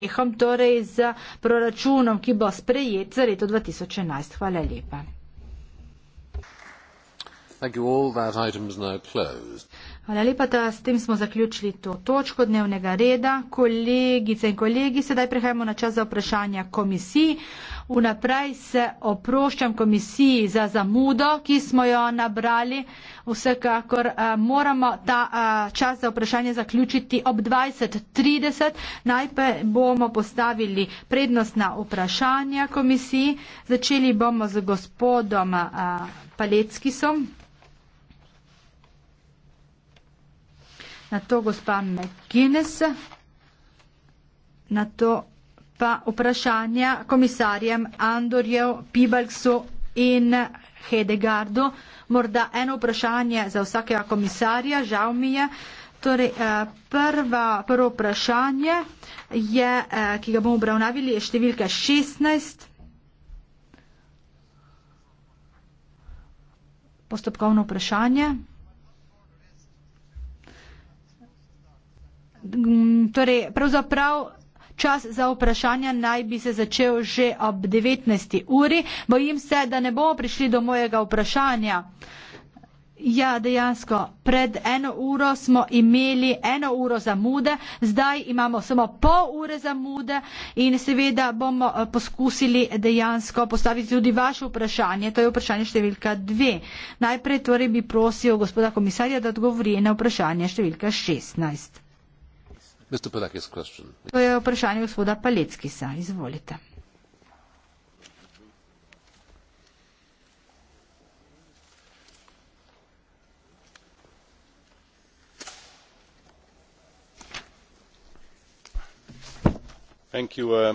uspehom, torej z proračunom, ki bo sprejet za leto 2011. Hvala lepa. Thank you all. That item is now closed. Hvala lepa, da s tem smo zaključili to točko dnevnega reda. Kolegice in kolegi, sedaj prehajamo na čas za vprašanja komisiji. Vnaprej se oproščam komisiji za zamudo, ki smo jo nabrali. Vsekakor uh, moramo ta uh, čas za vprašanje zaključiti ob 20.30. Najprej bomo postavili prednostna vprašanja komisiji. Začeli bomo z gospodom uh, Paleckisom. na to gospa McGuinness, na to pa vprašanja komisarjem Andorjev, Pibalksu in Hedegardu. Morda eno vprašanje za vsakega komisarja, žal mi je. Torej, eh, prva, prvo vprašanje, je, eh, ki ga bomo obravnavili, je številka 16. Postopkovno vprašanje. Mm, torej pravzaprav Čas za vprašanja naj bi se začel že ob 19. uri. Bojim se, da ne bomo prišli do mojega vprašanja. Ja, dejansko, pred eno uro smo imeli eno uro za mude, zdaj imamo samo pol ure za mude in seveda bomo eh, poskusili dejansko postaviti tudi vaše vprašanje, to je vprašanje številka dve. Najprej torej bi prosil gospoda komisarja, da odgovori na vprašanje številka 16. To je vprašanje gospoda Paleckisa. Izvolite. Uh,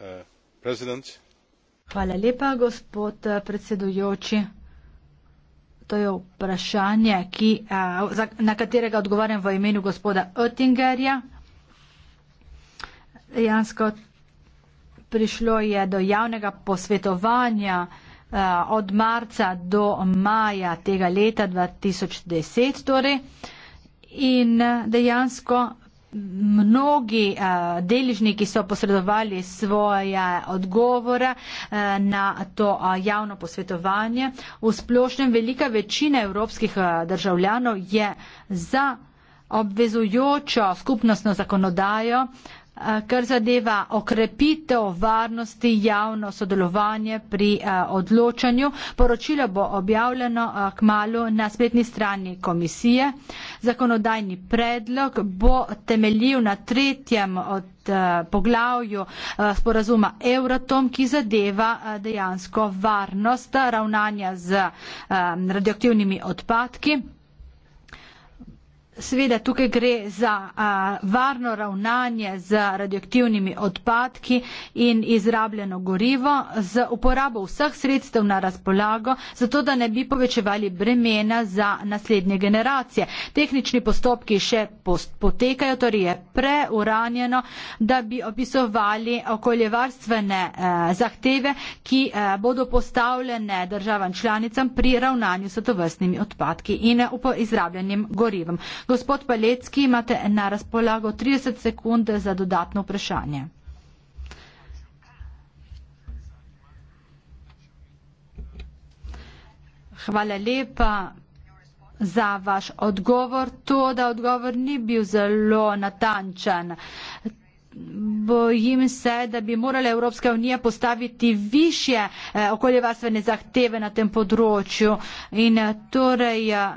uh, Hvala lepa, gospod uh, predsedujoči. To je vprašanje, ki, na katerega odgovarjam v imenu gospoda Oettingerja. Dejansko prišlo je do javnega posvetovanja od marca do maja tega leta 2010. Torej. In dejansko mnogi uh, deležniki so posredovali svoje odgovore uh, na to uh, javno posvetovanje. V splošnem velika večina evropskih uh, državljanov je za obvezujočo skupnostno zakonodajo, uh, Eh, kar zadeva okrepitev varnosti, javno sodelovanje pri eh, odločanju. Poročilo bo objavljeno eh, k malu na spletni strani komisije. Zakonodajni predlog bo temeljiv na tretjem od poglavju sporazuma Euratom, ki zadeva dejansko varnost ravnanja z radioaktivnimi odpadki. Sveda tukaj gre za a, varno ravnanje z radioaktivnimi odpadki in izrabljeno gorivo z uporabo vseh sredstev na razpolago, zato da ne bi povečevali bremena za naslednje generacije. Tehnični postopki še post potekajo, torej je preuranjeno, da bi opisovali okoljevarstvene a, zahteve, ki a, bodo postavljene državam članicam pri ravnanju s tovrstnimi odpadki in a, upo, izrabljenim gorivom. Gospod Palecki, imate na razpolago 30 sekund za dodatno vprašanje. Hvala lepa za vaš odgovor. To, da odgovor ni bil zelo natančen. Bojim se, da bi morala Evropska unija postaviti više eh, okoljevarstvene zahteve na tem področju. In eh, torej, eh,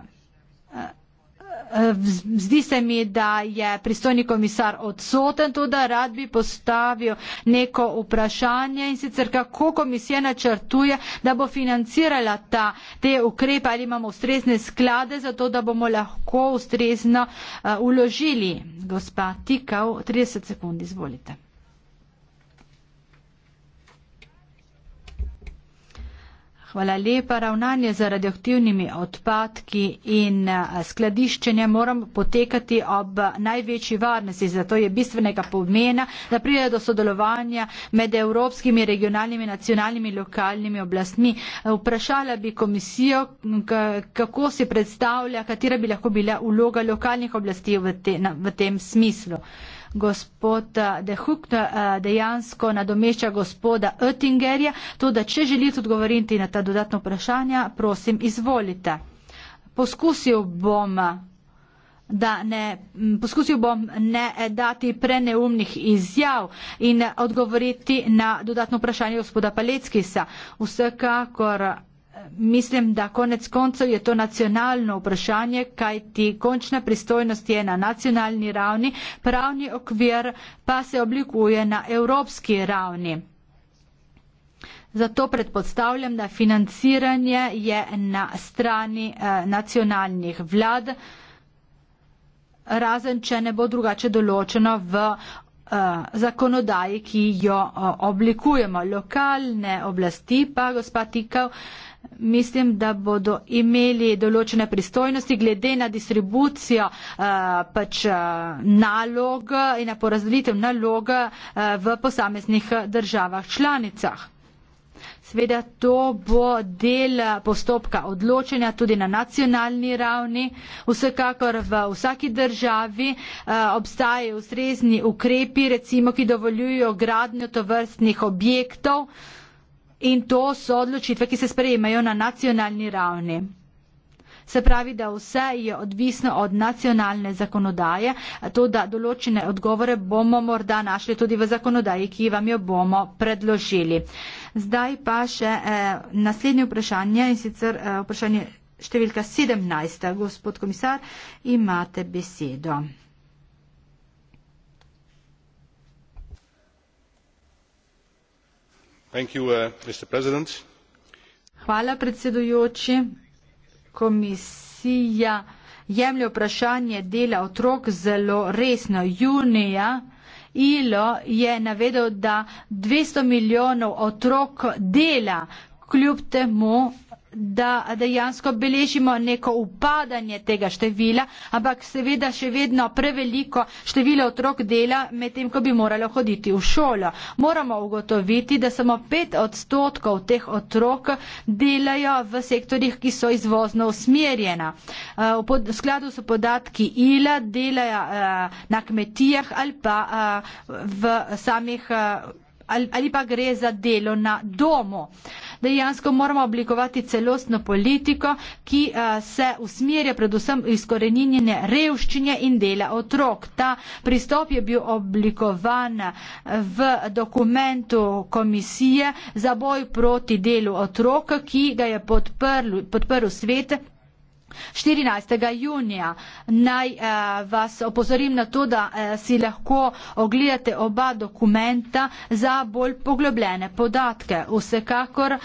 Eh, zdi se mi, da je pristojni komisar odsoten, tudi rad bi postavil neko vprašanje in sicer kako komisija načrtuje, da bo financirala ta, te ukrepe ali imamo ustrezne sklade za to, da bomo lahko ustrezno uh, uložili. Gospa Tikav, 30 sekund, izvolite. Hvala lepa. Ravnanje z radioaktivnimi odpadki in skladiščenje mora potekati ob največji varnosti, zato je bistvenega pomena, da pride do sodelovanja med evropskimi, regionalnimi, nacionalnimi, lokalnimi oblastmi. Vprašala bi komisijo, kako si predstavlja, katera bi lahko bila uloga lokalnih oblasti v, te, na, v tem smislu gospod eh, De Hoek eh, dejansko nadomešča gospoda Oettingerja, to da če želite odgovoriti na ta dodatna vprašanja, prosim, izvolite. Poskusil bom, eh, da ne, poskusil bom ne dati preneumnih izjav in odgovoriti na dodatno vprašanje gospoda Paleckisa. Vsekakor mislim, da konec koncev je to nacionalno vprašanje, kaj ti končna pristojnost je na nacionalni ravni, pravni okvir pa se oblikuje na evropski ravni. Zato predpostavljam, da financiranje je na strani eh, nacionalnih vlad, razen če ne bo drugače določeno v eh, zakonodaji, ki jo eh, oblikujemo. Lokalne oblasti pa, gospa Tikal, Mislim, da bodo imeli določene pristojnosti glede na distribucijo eh, pač eh, nalog in na porazdelitev nalog eh, v posameznih državah članicah. Sveda to bo del postopka odločenja tudi na nacionalni ravni. Vsekakor v vsaki državi obstajajo ustrezni ukrepi, recimo, ki dovoljujo gradnjo tovrstnih objektov in to so odločitve, ki se sprejemajo na nacionalni ravni. Se pravi, da vse je odvisno od nacionalne zakonodaje, to, da določene odgovore bomo morda našli tudi v zakonodaji, ki vam jo bomo predložili. Zdaj pa še eh, naslednje vprašanje in sicer eh, vprašanje številka 17. Gospod komisar, imate besedo. Uh, hvala predsedujoči komisija jemlje vprašanje dela otrok zelo resno junija ilo je navedel da dvesto milijonov otrok dela kljub temu da dejansko beležimo neko upadanje tega števila, ampak seveda še vedno preveliko število otrok dela med tem, ko bi moralo hoditi v šolo. Moramo ugotoviti, da samo pet odstotkov teh otrok delajo v sektorjih, ki so izvozno usmerjena. Eh, v skladu so podatki ILA delajo eh, na kmetijah ali pa eh, v samih ali pa gre za delo na domu. Dejansko moramo oblikovati celostno politiko, ki eh, se usmerja predvsem izkoreninjene revščine in dela otrok. Ta pristop je bil oblikovan eh, v dokumentu komisije za boj proti delu otrok, ki ga je podprl, podprl svet 14. junija. Naj eh, vas opozorim na to, da eh, si lahko ogledate oba dokumenta za bolj poglobljene podatke. Vsekakor eh,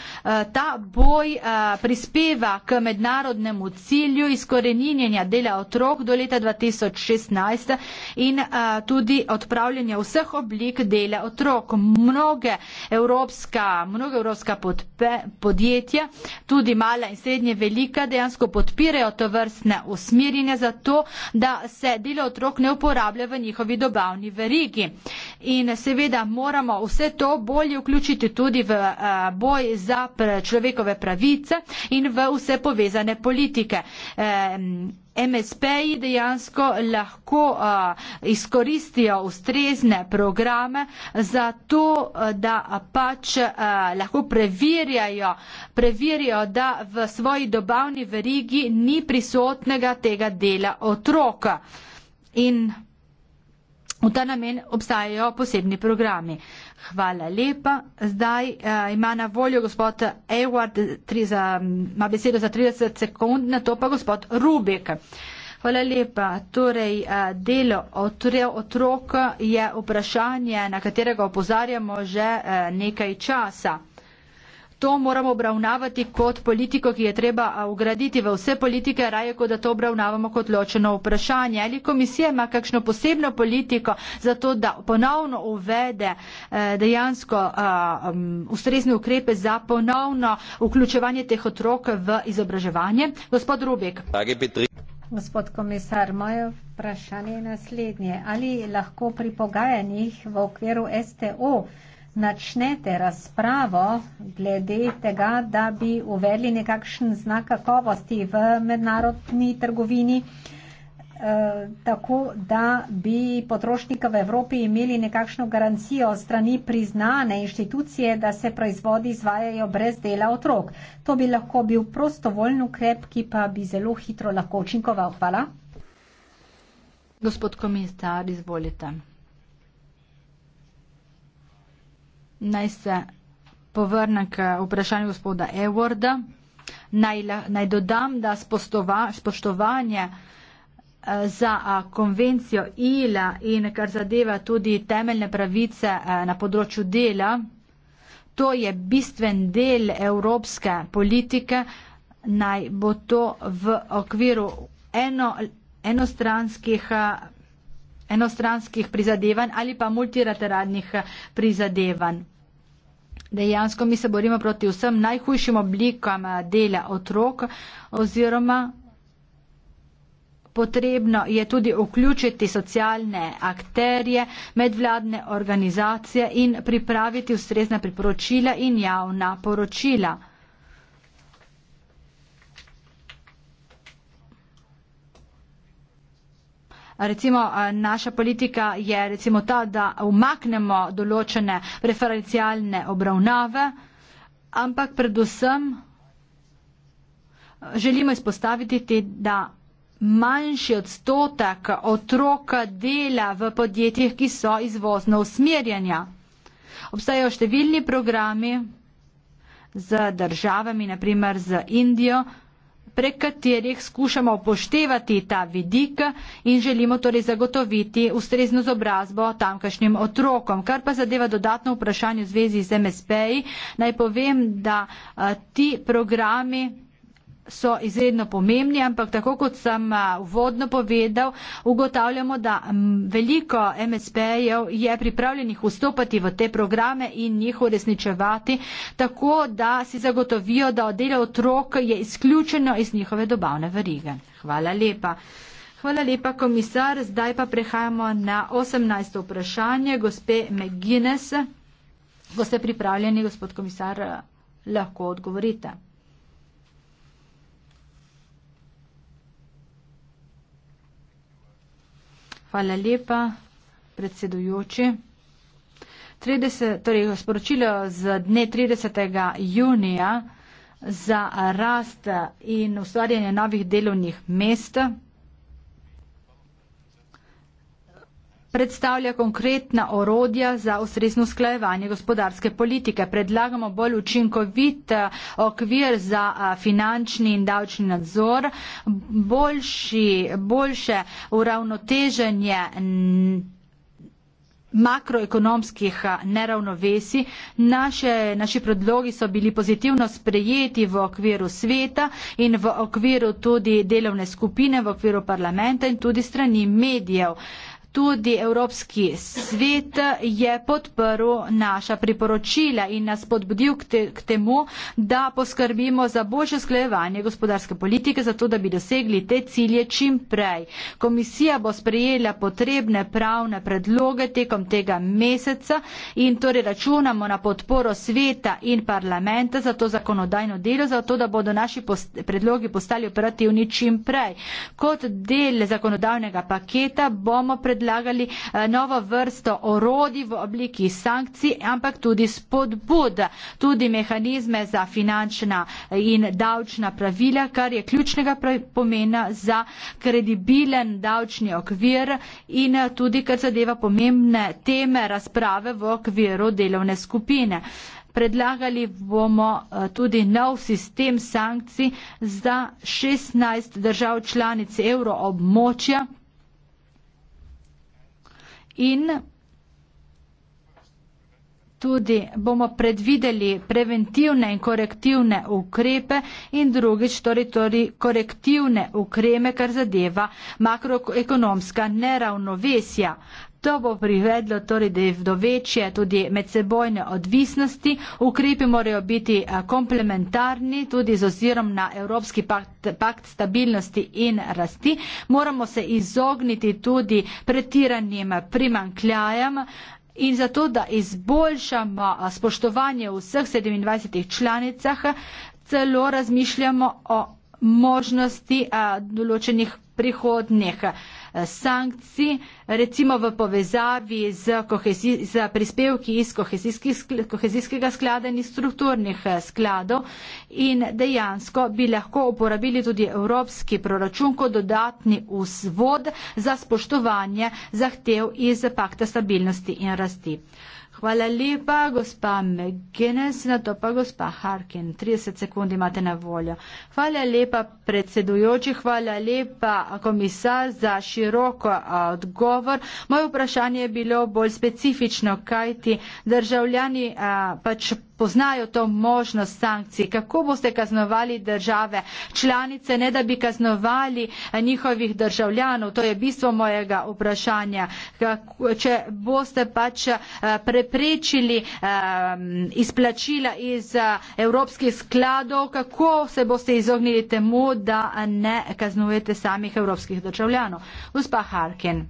ta boj eh, prispeva k mednarodnemu cilju izkoreninjenja dela otrok do leta 2016 in eh, tudi odpravljanja vseh oblik dela otrok. Mnoge evropska, mnoge evropska podpe, podjetja, tudi mala in srednje velika, dejansko podpirajo podpirajo to vrstne usmerjenje zato, da se delo otrok ne uporablja v njihovi dobavni verigi in seveda moramo vse to bolje vključiti tudi v eh, boj za človekove pravice in v vse povezane politike. MSP-ji dejansko lahko a, eh, izkoristijo ustrezne programe za to, eh, da pač a, lahko preverjajo, preverjajo, da v svoji dobavni verigi ni prisotnega tega dela otroka. In V ta namen obstajajo posebni programi. Hvala lepa. Zdaj uh, ima na voljo gospod Eward, ima besedo za 30 sekund, na to pa gospod Rubik. Hvala lepa. Torej, uh, delo otrev otrok je vprašanje, na katerega opozarjamo že uh, nekaj časa to moramo obravnavati kot politiko, ki je treba ugraditi v vse politike, raje kot da to obravnavamo kot ločeno vprašanje. Ali komisija ima kakšno posebno politiko za to, da ponovno uvede eh, dejansko ustrezne ukrepe za ponovno vključevanje teh otrok v izobraževanje? Gospod Rubik. Gospod komisar, moje vprašanje je naslednje. Ali lahko pri pogajanjih v okviru STO načnete razpravo glede tega, da bi uvedli nekakšen znak kakovosti v mednarodni trgovini, eh, tako da bi potrošnika v Evropi imeli nekakšno garancijo strani priznane inštitucije, da se proizvodi izvajajo brez dela otrok. To bi lahko bil prostovoljen ukrep, ki pa bi zelo hitro lahko učinkoval. Hvala. Gospod komisar, izvolite. Naj se povrnem k vprašanju gospoda Ewarda. Naj, naj dodam, da spostova, spoštovanje eh, za eh, konvencijo ILA in kar zadeva tudi temeljne pravice eh, na področju dela, to je bistven del evropske politike, naj bo to v okviru eno, enostranskih, enostranskih prizadevanj ali pa multilateralnih prizadevanj. Dejansko mi se borimo proti vsem najhujšim oblikam eh, dela otrok oziroma potrebno je tudi vključiti socialne akterje, medvladne organizacije in pripraviti ustrezna priporočila in javna poročila. recimo eh, naša politika je recimo ta, da umaknemo določene preferencialne obravnave, ampak predvsem eh, želimo izpostaviti, te, da manjši odstotek otroka dela v podjetjih, ki so izvozno usmerjanja. Obstajajo številni programi z državami, naprimer z Indijo, prek katerih skušamo upoštevati ta vidik in želimo torej zagotoviti ustrezno izobrazbo tamkajšnjim otrokom. Kar pa zadeva dodatno vprašanje v zvezi z MSP-ji, naj povem, da a, eh, ti programi so izredno pomembni, ampak tako kot sem eh, uvodno povedal, ugotavljamo, da mm, veliko MSP-jev je pripravljenih vstopati v te programe in jih uresničevati, tako da si zagotovijo, da delo otrok je izključeno iz njihove dobavne verige. Hvala lepa. Hvala lepa, komisar. Zdaj pa prehajamo na 18. vprašanje gospe McGuinness. Ko ste pripravljeni, gospod komisar, eh, lahko odgovorite. Hvala lepa, predsedujoči. 30, torej, sporočilo z dne 30. junija za rast in ustvarjanje novih delovnih mest. predstavlja konkretna orodja za ustrezno sklajevanje gospodarske politike. Predlagamo bolj učinkovit eh, okvir za eh, finančni in davčni nadzor, boljši, boljše uravnoteženje makroekonomskih eh, neravnovesi. Naše, naši predlogi so bili pozitivno sprejeti v okviru sveta in v okviru tudi delovne skupine, v okviru parlamenta in tudi strani medijev. Uh, Tudi Evropski svet je podprl naša priporočila in nas podbudil k, te, k temu, da poskrbimo za boljše sklejevanje gospodarske politike, zato da bi dosegli te cilje čim prej. Komisija bo sprejela potrebne pravne predloge tekom tega meseca in torej računamo na podporo sveta in parlamenta za to zakonodajno delo, zato da bodo naši post predlogi postali operativni čim prej. Kot del zakonodajnega paketa bomo predlagali predlagali eh, novo vrsto orodij v obliki sankcij, ampak tudi spodbud, tudi mehanizme za finančna eh, in davčna pravila, kar je ključnega pomena za kredibilen davčni okvir in eh, tudi, kar zadeva pomembne teme razprave v okviru delovne skupine. Predlagali bomo tudi nov sistem sankcij za 16 držav članic evroobmočja in tudi bomo predvideli preventivne in korektivne ukrepe in drugič torej, torej korektivne ukreme, kar zadeva makroekonomska neravnovesja. To bo privedlo torej do večje tudi medsebojne odvisnosti. Ukrepi morajo biti eh, komplementarni tudi z ozirom na Evropski pakt, pakt stabilnosti in rasti. Moramo se izogniti tudi pretiranim primankljajem. In zato, da izboljšamo eh, spoštovanje v vseh 27 članicah, celo razmišljamo o možnosti eh, določenih prihodnjih sankcij, recimo v povezavi z, kohezi, z prispevki iz kohezijskega sklada in iz strukturnih eh, skladov in dejansko bi lahko uporabili tudi evropski proračun kot dodatni vzvod za spoštovanje zahtev iz pakta stabilnosti in rasti. Hvala lepa, gospa McGuinness, na to pa gospa Harkin. 30 sekund imate na voljo. Hvala lepa, predsedujoči, hvala lepa, komisar, za široko odgovor. Moje vprašanje je bilo bolj specifično, kajti državljani a, pač poznajo to možnost sankcij, kako boste kaznovali države članice, ne da bi kaznovali njihovih državljanov, to je bistvo mojega vprašanja, kako, če boste pač eh, preprečili um, izplačila iz eh, evropskih skladov, kako se boste izognili temu, da ne kaznujete samih evropskih državljanov. Gospa Harkin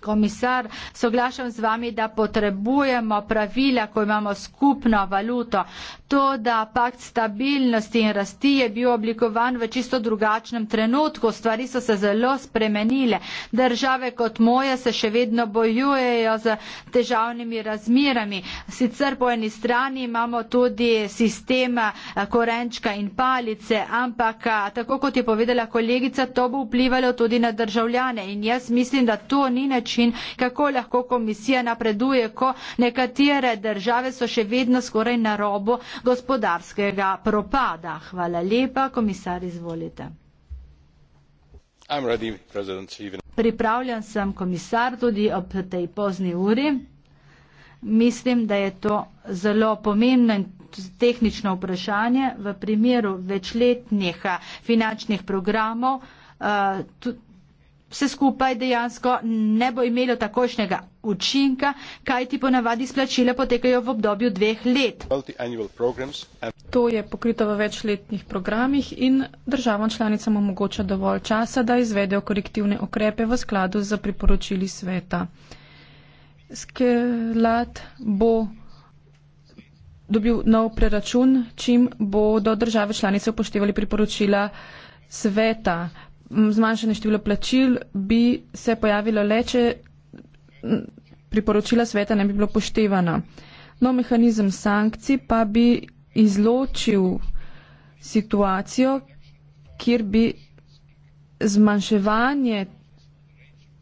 komisar, soglašam z vami, da potrebujemo pravila, ko imamo skupno valuto. To, da pakt stabilnosti in rasti je bil oblikovan v čisto drugačnem trenutku, stvari so se zelo spremenile. Države kot moja se še vedno bojujejo z težavnimi razmirami. Sicer po eni strani imamo tudi sistema eh, korenčka in palice, ampak eh, tako kot je povedala kolegica, to bo vplivalo tudi na državljane. In jaz mislim, da to ni neč način, kako lahko komisija napreduje, ko nekatere države so še vedno skoraj na robu gospodarskega propada. Hvala lepa, komisar, izvolite. Ready, Pripravljen sem komisar tudi ob tej pozni uri. Mislim, da je to zelo pomembno in tehnično vprašanje v primeru večletnih eh, finančnih programov. Uh, vse skupaj dejansko ne bo imelo takošnjega učinka, kaj ti ponavadi splačila potekajo v obdobju dveh let. To je pokrito v večletnih programih in državam članicam omogoča dovolj časa, da izvedejo korektivne okrepe v skladu z priporočili sveta. Sklad bo dobil nov preračun, čim bodo države članice upoštevali priporočila sveta zmanjšanje števila plačil bi se pojavilo le, če priporočila sveta ne bi bilo poštevana. No, mehanizem sankcij pa bi izločil situacijo, kjer bi zmanjševanje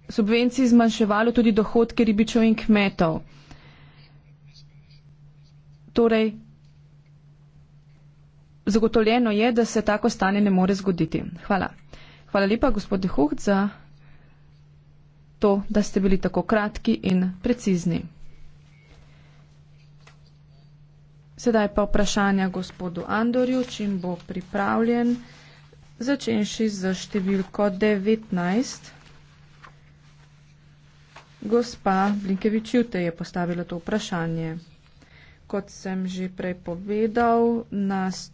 subvencij zmanjševalo tudi dohodke ribičov in kmetov. Torej, zagotovljeno je, da se tako stanje ne more zgoditi. Hvala. Hvala lepa, gospod Huh, za to, da ste bili tako kratki in precizni. Sedaj pa vprašanja gospodu Andorju, čim bo pripravljen, začenši z za številko 19. Gospa Blinkevič Jute je postavila to vprašanje. Kot sem že prej povedal, nas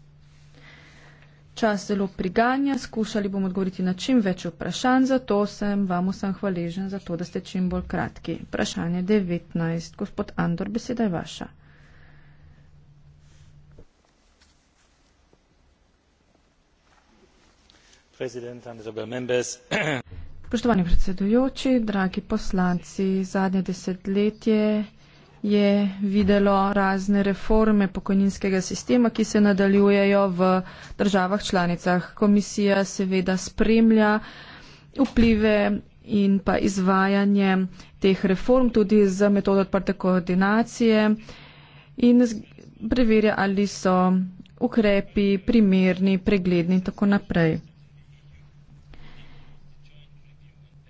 čas zelo priganja, skušali bomo odgovoriti na čim več vprašanj, zato sem vam vsem hvaležen za to, da ste čim bolj kratki. Vprašanje 19. Gospod Andor, beseda je vaša. Spoštovani predsedujoči, dragi poslanci, zadnje desetletje je videlo razne reforme pokojninskega sistema, ki se nadaljujejo v državah članicah. Komisija seveda spremlja vplive in pa izvajanje teh reform tudi z metodo odprte koordinacije in preverja, ali so ukrepi primerni, pregledni in tako naprej.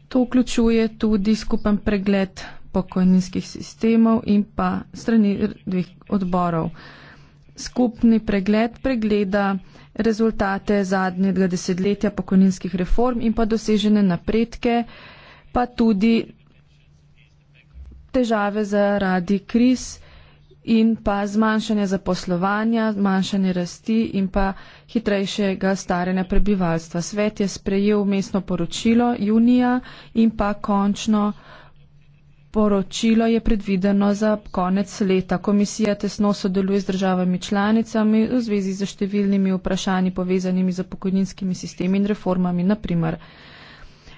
To vključuje tudi skupen pregled pokojninskih sistemov in pa strani dveh odborov. Skupni pregled pregleda rezultate zadnjega desetletja pokojninskih reform in pa dosežene napredke, pa tudi težave zaradi kriz in pa zmanjšanje zaposlovanja, zmanjšanje rasti in pa hitrejšega staranja prebivalstva. Svet je sprejel mestno poročilo junija in pa končno Poročilo je predvideno za konec leta. Komisija tesno sodeluje z državami članicami v zvezi z številnimi vprašanji povezanimi z pokojninskimi sistemi in reformami, naprimer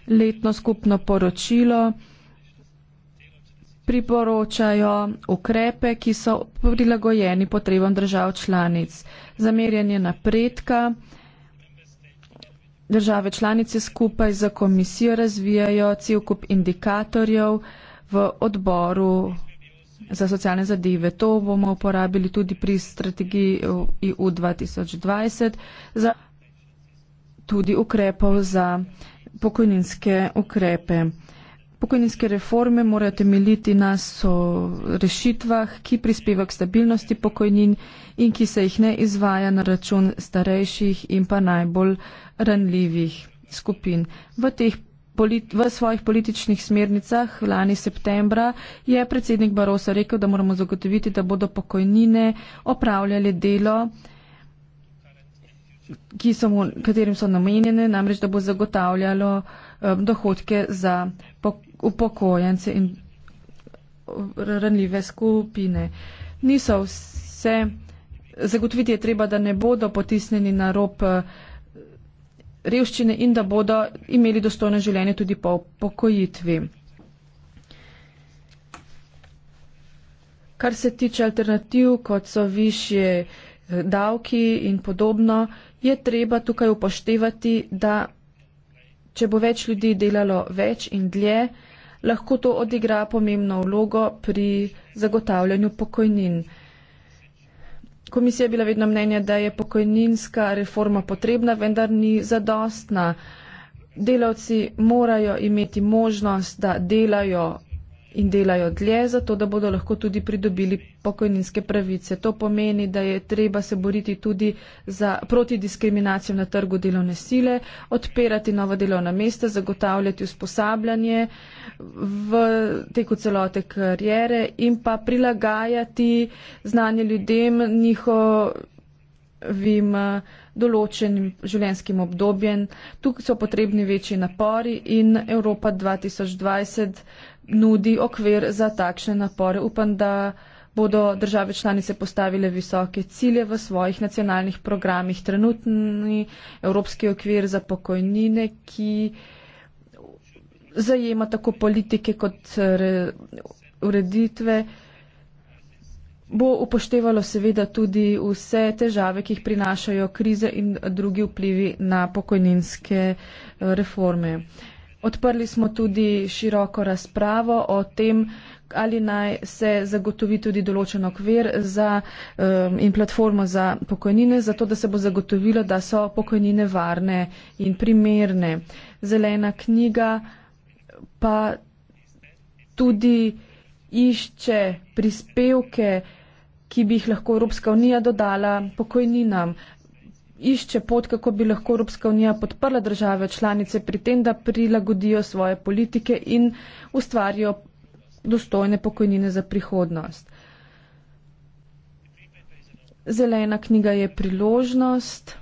letno skupno poročilo. Priporočajo ukrepe, ki so prilagojeni potrebam držav članic. Zamerjanje napredka. Države članice skupaj z komisijo razvijajo cel kup indikatorjev, v odboru za socialne zadeve. To bomo uporabili tudi pri strategiji EU 2020, za tudi ukrepov za pokojninske ukrepe. Pokojninske reforme morajo temeljiti na so rešitvah, ki prispeva k stabilnosti pokojnin in ki se jih ne izvaja na račun starejših in pa najbolj ranljivih skupin. V teh v svojih političnih smernicah lani septembra je predsednik Barosa rekel, da moramo zagotoviti, da bodo pokojnine opravljali delo, so mu, katerim so namenjene, namreč da bo zagotavljalo um, dohodke za upokojence in ranljive skupine. Niso vse, zagotoviti je treba, da ne bodo potisnjeni na rob. Uh, revščine in da bodo imeli dostojno življenje tudi po pokojitvi. Kar se tiče alternativ, kot so višje eh, davki in podobno, je treba tukaj upoštevati, da če bo več ljudi delalo več in dlje, lahko to odigra pomembno vlogo pri zagotavljanju pokojnin komisija je bila vedno mnenja, da je pokojninska reforma potrebna, vendar ni zadostna. Delavci morajo imeti možnost, da delajo in delajo dlje, zato da bodo lahko tudi pridobili pokojninske pravice. To pomeni, da je treba se boriti tudi za protidiskriminacijo na trgu delovne sile, odpirati nova delovna mesta, zagotavljati usposabljanje v teku celote karijere in pa prilagajati znanje ljudem njihovim določenim življenjskim obdobjem. Tukaj so potrebni večji napori in Evropa 2020 nudi okvir za takšne napore. Upam, da bodo države članice postavile visoke cilje v svojih nacionalnih programih. Trenutni evropski okvir za pokojnine, ki zajema tako politike kot ureditve, bo upoštevalo seveda tudi vse težave, ki jih prinašajo krize in drugi vplivi na pokojninske eh, reforme. Odprli smo tudi široko razpravo o tem, ali naj se zagotovi tudi določen okvir za, um, in platformo za pokojnine, zato da se bo zagotovilo, da so pokojnine varne in primerne. Zelena knjiga pa tudi išče prispevke, ki bi jih lahko Evropska unija dodala pokojninam išče pot, kako bi lahko Evropska unija podprla države članice pri tem, da prilagodijo svoje politike in ustvarijo dostojne pokojnine za prihodnost. Zelena knjiga je priložnost,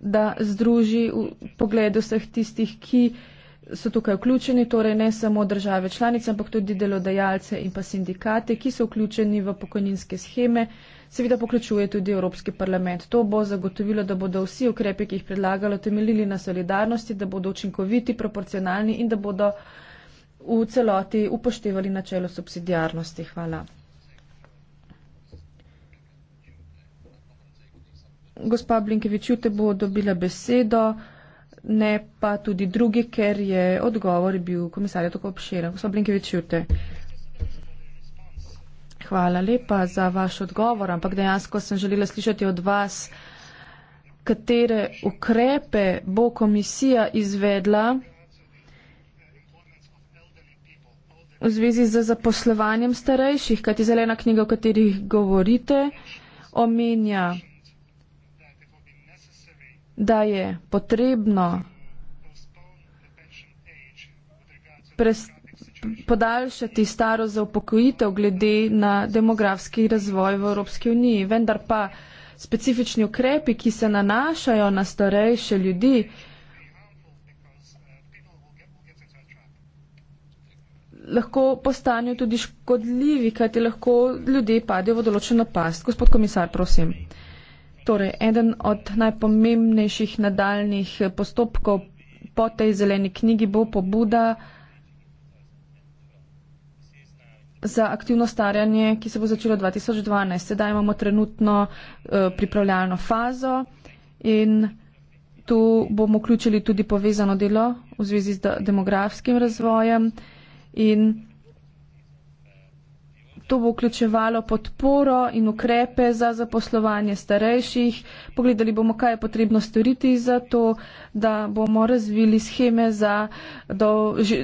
da združi pogled vseh tistih, ki so tukaj vključeni, torej ne samo države članice, ampak tudi delodajalce in pa sindikate, ki so vključeni v pokojninske scheme seveda poključuje tudi Evropski parlament. To bo zagotovilo, da bodo vsi ukrepe, ki jih predlagalo, temeljili na solidarnosti, da bodo učinkoviti, proporcionalni in da bodo v celoti upoštevali načelo subsidijarnosti. Hvala. Gospa Blinkevič, jute bo dobila besedo, ne pa tudi drugi, ker je odgovor bil komisarja tako obširen. Gospa Blinkevič, jute. Hvala lepa za vaš odgovor, ampak dejansko sem želela slišati od vas, katere ukrepe bo komisija izvedla v zvezi z zaposlovanjem starejših, kajti zelena knjiga, o kateri govorite, omenja, da je potrebno prestati podaljšati staro za upokojitev glede na demografski razvoj v Evropski uniji. Vendar pa specifični ukrepi, ki se nanašajo na starejše ljudi, lahko postanejo tudi škodljivi, kajti lahko ljudje padejo v določeno past. Gospod komisar, prosim. Torej, eden od najpomembnejših nadaljnih postopkov po tej zeleni knjigi bo pobuda, za aktivno staranje, ki se bo začelo 2012. Sedaj imamo trenutno eh, pripravljalno fazo in tu bomo vključili tudi povezano delo v zvezi z demografskim razvojem in To bo vključevalo podporo in ukrepe za zaposlovanje starejših. Pogledali bomo, kaj je potrebno storiti za to, da bomo razvili scheme za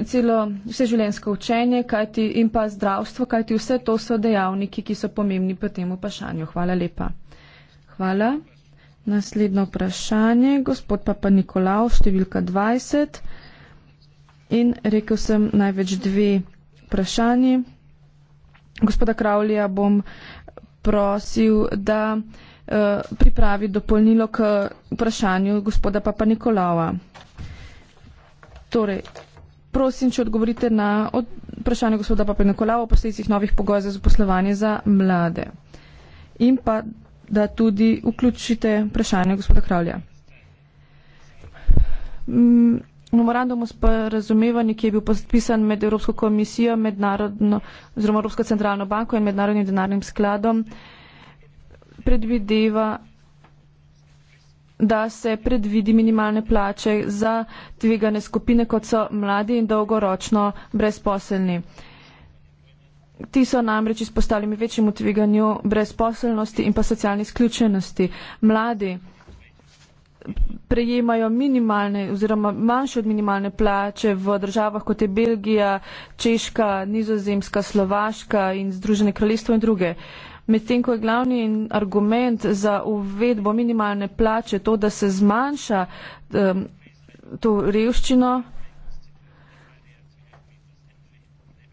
celo vseživljenjsko učenje kajti, in pa zdravstvo, kajti vse to so dejavniki, ki so pomembni pri tem vprašanju. Hvala lepa. Hvala. Naslednje vprašanje, gospod Papa Nikolaov, številka 20. In rekel sem največ dve vprašanje gospoda Kravlja bom prosil, da eh, pripravi dopolnilo k vprašanju gospoda Papa Nikolava. Torej, prosim, če odgovorite na vprašanje gospoda Papa Nikolava o posledicih novih pogojev za zaposlovanje za mlade. In pa, da tudi vključite vprašanje gospoda Kravlja. Mm, memorandum o sporazumevanju, ki je bil podpisan med Evropsko komisijo, mednarodno oziroma Evropsko centralno banko in mednarodnim denarnim skladom, predvideva, da se predvidi minimalne plače za tvegane skupine, kot so mladi in dolgoročno brezposelni. Ti so namreč izpostavljeni večjemu tveganju brezposelnosti in pa socialni sključenosti. Mladi prejemajo minimalne oziroma manjše od minimalne plače v državah kot je Belgija, Češka, Nizozemska, Slovaška in Združene kraljestvo in druge. Medtem ko je glavni argument za uvedbo minimalne plače to, da se zmanjša um, to revščino,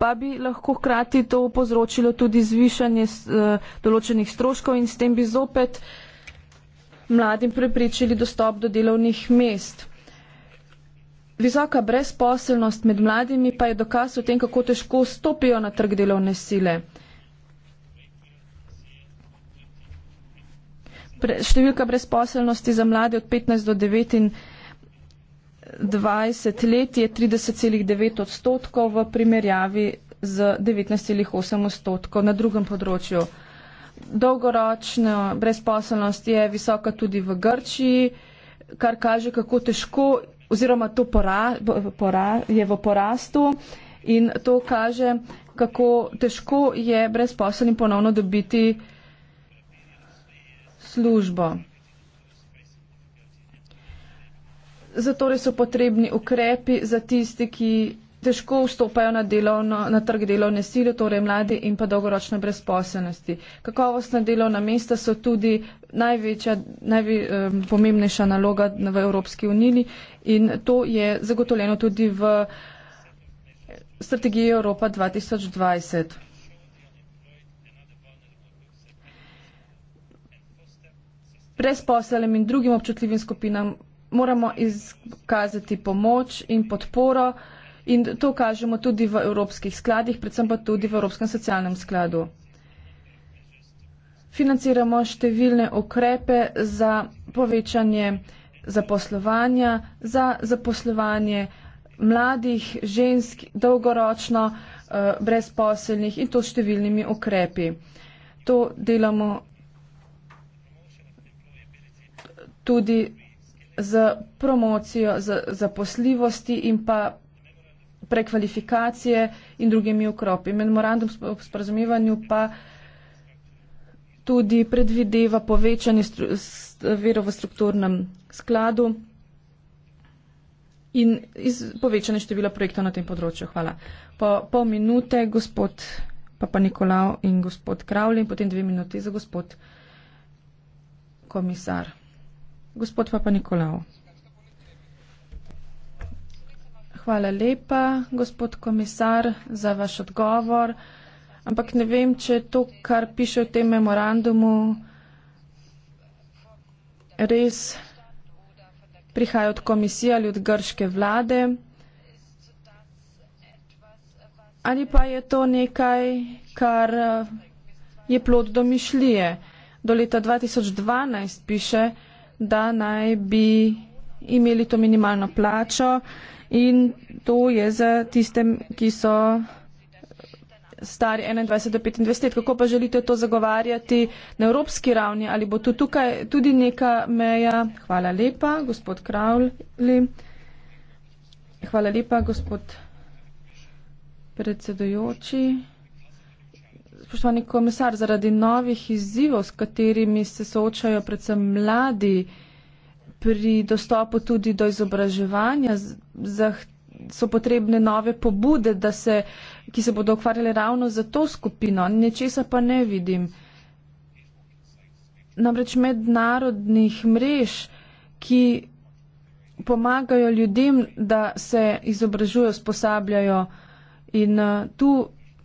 pa bi lahko hkrati to povzročilo tudi zvišanje uh, določenih stroškov in s tem bi zopet uh, mladim prepričili dostop do delovnih mest. Visoka brezposelnost med mladimi pa je dokaz o tem, kako težko stopijo na trg delovne sile. Pre, številka brezposelnosti za mlade od 15 do 29 let je 30,9 odstotkov v primerjavi z 19,8 odstotkov na drugem področju. Dolgoročna brezposelnost je visoka tudi v Grčiji, kar kaže, kako težko oziroma to pora, pora, je v porastu in to kaže, kako težko je brezposelni ponovno dobiti službo. Zato so potrebni ukrepi za tiste, ki težko vstopajo na, delovno, na trg delovne sile, torej mladi in pa dolgoročne brezposelnosti. Kakovostna delovna mesta so tudi največja, najpomembnejša um, naloga v Evropski uniji in to je zagotovljeno tudi v strategiji Evropa 2020. Brezposelnim in drugim občutljivim skupinam moramo izkazati pomoč in podporo. Uh, In to kažemo tudi v evropskih skladih, predvsem pa tudi v Evropskem socialnem skladu. Financiramo številne okrepe za povečanje zaposlovanja, za zaposlovanje mladih, žensk, dolgoročno eh, brezposelnih in to s številnimi okrepi. To delamo tudi z promocijo zaposljivosti in pa prekvalifikacije in drugimi ukropi. Memorandum o sporazumevanju pa tudi predvideva povečanje vero v strukturnem skladu in povečanje števila projektov na tem področju. Hvala. Po pol minute gospod Papa Nikolao in gospod Kravlj in potem dve minuti za gospod komisar. Gospod Papa Nikolao. Hvala lepa, gospod komisar, za vaš odgovor. Ampak ne vem, če je to, kar piše v tem memorandumu, res prihaja od komisije ali od grške vlade. Ali pa je to nekaj, kar je plod domišljije. Do leta 2012 piše, da naj bi imeli to minimalno plačo in to je za tistem, ki so stari 21 do 25 let. Kako pa želite to zagovarjati na evropski ravni? Ali bo to tukaj tudi neka meja? Hvala lepa, gospod Kravli. Hvala lepa, gospod predsedujoči. Spoštovani komisar, zaradi novih izzivov, s katerimi se soočajo predvsem mladi, pri dostopu tudi do izobraževanja so potrebne nove pobude, se, ki se bodo ukvarjale ravno za to skupino. Nečesa pa ne vidim. Namreč mednarodnih mrež, ki pomagajo ljudem, da se izobražujo, sposabljajo in eh, tu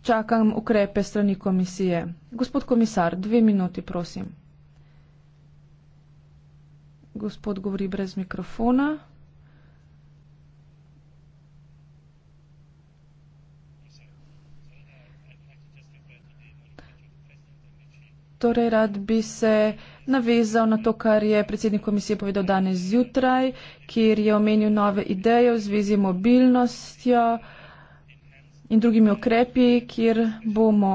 čakam ukrepe strani komisije. Gospod komisar, dve minuti, prosim. Gospod govori brez mikrofona. Torej, rad bi se navezal na to, kar je predsednik komisije povedal danes zjutraj, kjer je omenil nove ideje v zvezi z mobilnostjo in drugimi okrepi, kjer bomo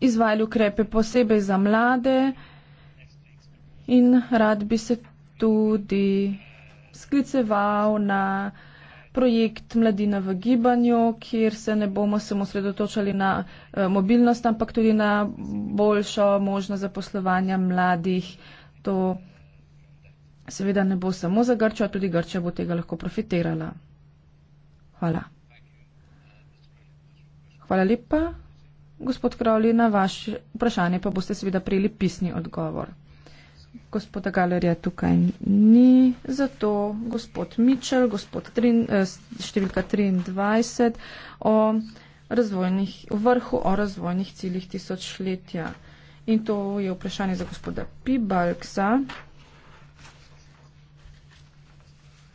izvajali ukrepe posebej za mlade in rad bi se tudi skliceval na projekt Mladina v gibanju, kjer se ne bomo samo sredotočali na eh, mobilnost, ampak tudi na boljšo možnost zaposlovanja mladih. To seveda ne bo samo za Grčo, a tudi Grča bo tega lahko profitirala. Hvala. Hvala lepa. Gospod Kravli, na vaše vprašanje pa boste seveda prijeli pisni odgovor gospoda Galerija tukaj ni, zato gospod Mičel, gospod tri, eh, številka 23, o razvojnih, vrhu o razvojnih ciljih tisočletja. In to je vprašanje za gospoda Pibalksa.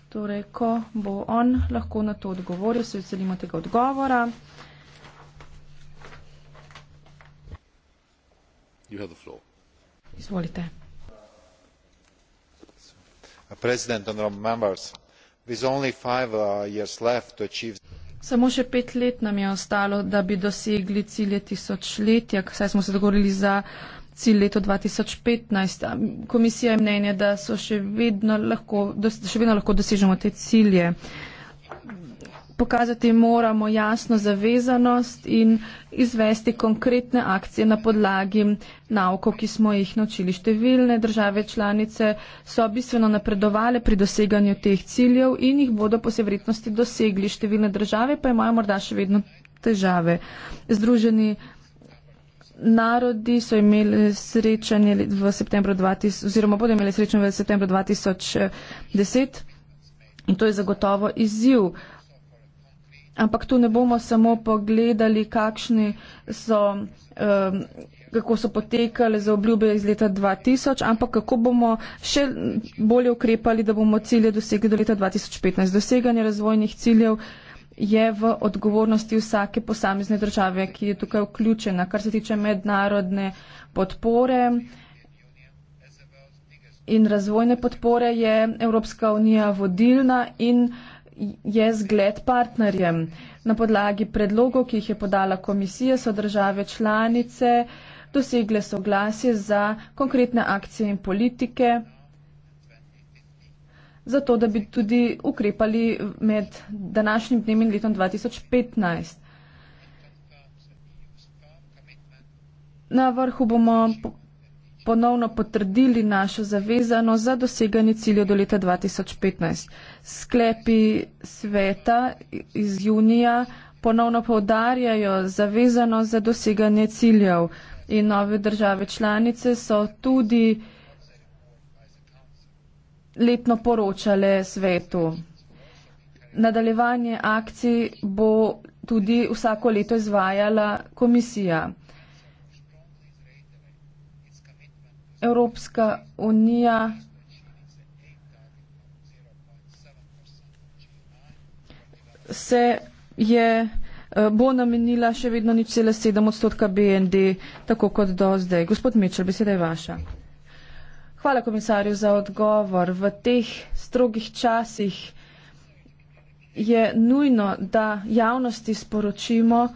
Torej, ko bo on lahko na to odgovoril, se veselimo tega odgovora. Izvolite. Uh, president honourable members with only five uh, years left to achieve Samo še pet let nam je ostalo, da bi dosegli cilje tisočletja, saj smo se dogovorili za cilj leto 2015. Komisija je mnenja, da so še vedno lahko, še vedno lahko dosežemo te cilje pokazati moramo jasno zavezanost in izvesti konkretne akcije na podlagi naukov, ki smo jih naučili. Številne države članice so bistveno napredovale pri doseganju teh ciljev in jih bodo po vsej vrednosti dosegli. Številne države pa imajo morda še vedno težave. Združeni narodi so imeli srečanje v septembru 2000 oziroma bodo imeli srečanje v septembru 2010 eh, in to je zagotovo izziv. Ampak tu ne bomo samo pogledali, kakšni so, um, kako so potekale za obljube iz leta 2000, ampak kako bomo še bolje ukrepali, da bomo cilje dosegli do leta 2015. Doseganje razvojnih ciljev je v odgovornosti vsake posamezne države, ki je tukaj vključena, kar se tiče mednarodne podpore. In razvojne podpore je Evropska unija vodilna in uh, je zgled partnerjem. Na podlagi predlogov, ki jih je podala komisija, so države članice dosegle soglasje za konkretne akcije in politike, zato da bi tudi ukrepali med današnjim dnem in letom 2015. Na vrhu bomo ponovno potrdili našo zavezano za doseganje cilja do leta 2015. Sklepi sveta iz junija ponovno povdarjajo zavezano za doseganje ciljev in nove države članice so tudi letno poročale svetu. Nadaljevanje akcij bo tudi vsako leto izvajala komisija. Evropska unija se je, eh, bo namenila še vedno nič cele sedem odstotka BND, tako kot do zdaj. Gospod Mičel, beseda je vaša. Hvala komisarju za odgovor. V teh strogih časih je nujno, da javnosti sporočimo,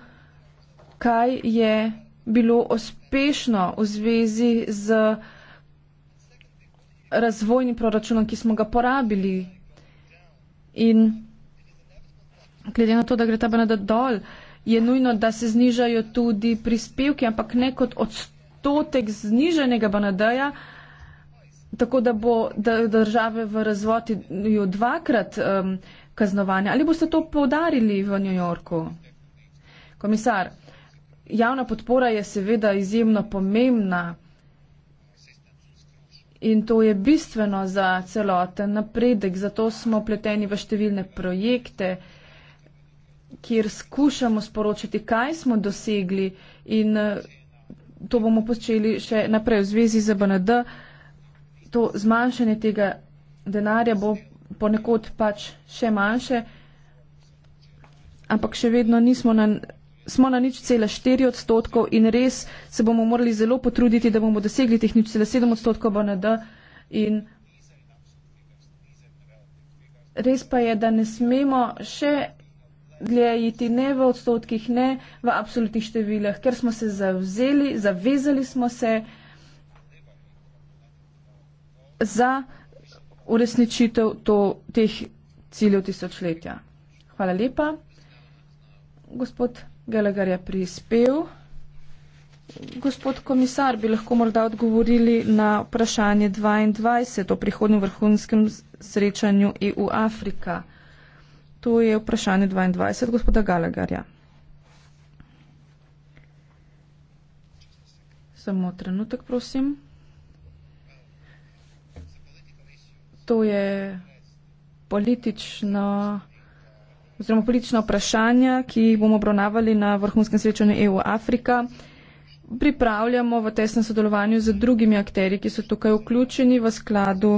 kaj je bilo uspešno v zvezi z razvojnim proračunom, ki smo ga porabili. In glede na to, da gre ta BND dol, je nujno, da se znižajo tudi prispevki, ampak ne kot odstotek zniženega BND-ja, tako da bo države v razvoju dvakrat um, kaznovanja. Ali boste to povdarili v New Yorku? Komisar, Javna podpora je seveda izjemno pomembna in to je bistveno za celoten napredek, zato smo pleteni v številne projekte, kjer skušamo sporočiti, kaj smo dosegli in eh, to bomo počeli še naprej v zvezi z BND. To zmanjšanje tega denarja bo ponekod pač še manjše, ampak še vedno nismo na smo na nič cela 4 odstotkov in res se bomo morali zelo potruditi, da bomo dosegli teh nič cela 7 odstotkov BND. Res pa je, da ne smemo še gledati ne v odstotkih, ne v absolutnih številah, ker smo se zavzeli, zavezali smo se za uresničitev to, teh ciljev tisočletja. Hvala lepa. Gospod Gallagher je prispel. Gospod komisar, bi lahko morda odgovorili na vprašanje 22 o prihodnjem vrhunskem srečanju EU Afrika. To je vprašanje 22 gospoda Gallagherja. Samo trenutek, prosim. To je politično oziroma politična vprašanja, ki jih bomo obravnavali na vrhunskem srečanju EU-Afrika, pripravljamo v tesnem sodelovanju z drugimi akteri, ki so tukaj vključeni v skladu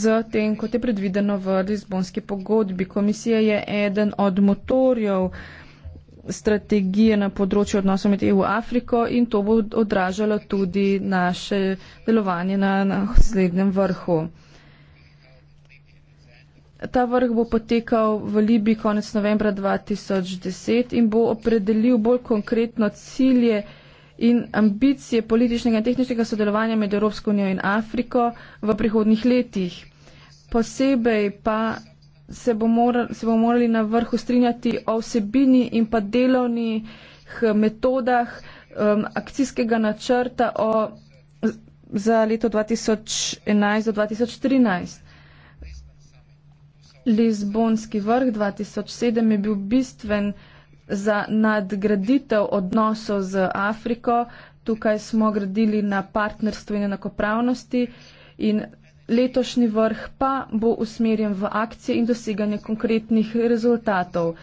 z tem, kot je predvideno v Lizbonski pogodbi. Komisija je eden od motorjev strategije na področju odnosov med EU in Afriko in to bo odražalo tudi naše delovanje na, na slednjem vrhu. Ta vrh bo potekal v Libiji konec novembra 2010 in bo opredelil bolj konkretno cilje in ambicije političnega in tehničnega sodelovanja med Evropsko unijo in Afriko v prihodnih letih. Posebej pa se, bo mora, se bomo morali na vrhu strinjati o vsebini in pa delovnih metodah um, akcijskega načrta o, za leto 2011 do 2013. Lizbonski vrh 2007 je bil bistven za nadgraditev odnosov z Afriko. Tukaj smo gradili na partnerstvu in enakopravnosti in letošnji vrh pa bo usmerjen v akcije in doseganje konkretnih rezultatov.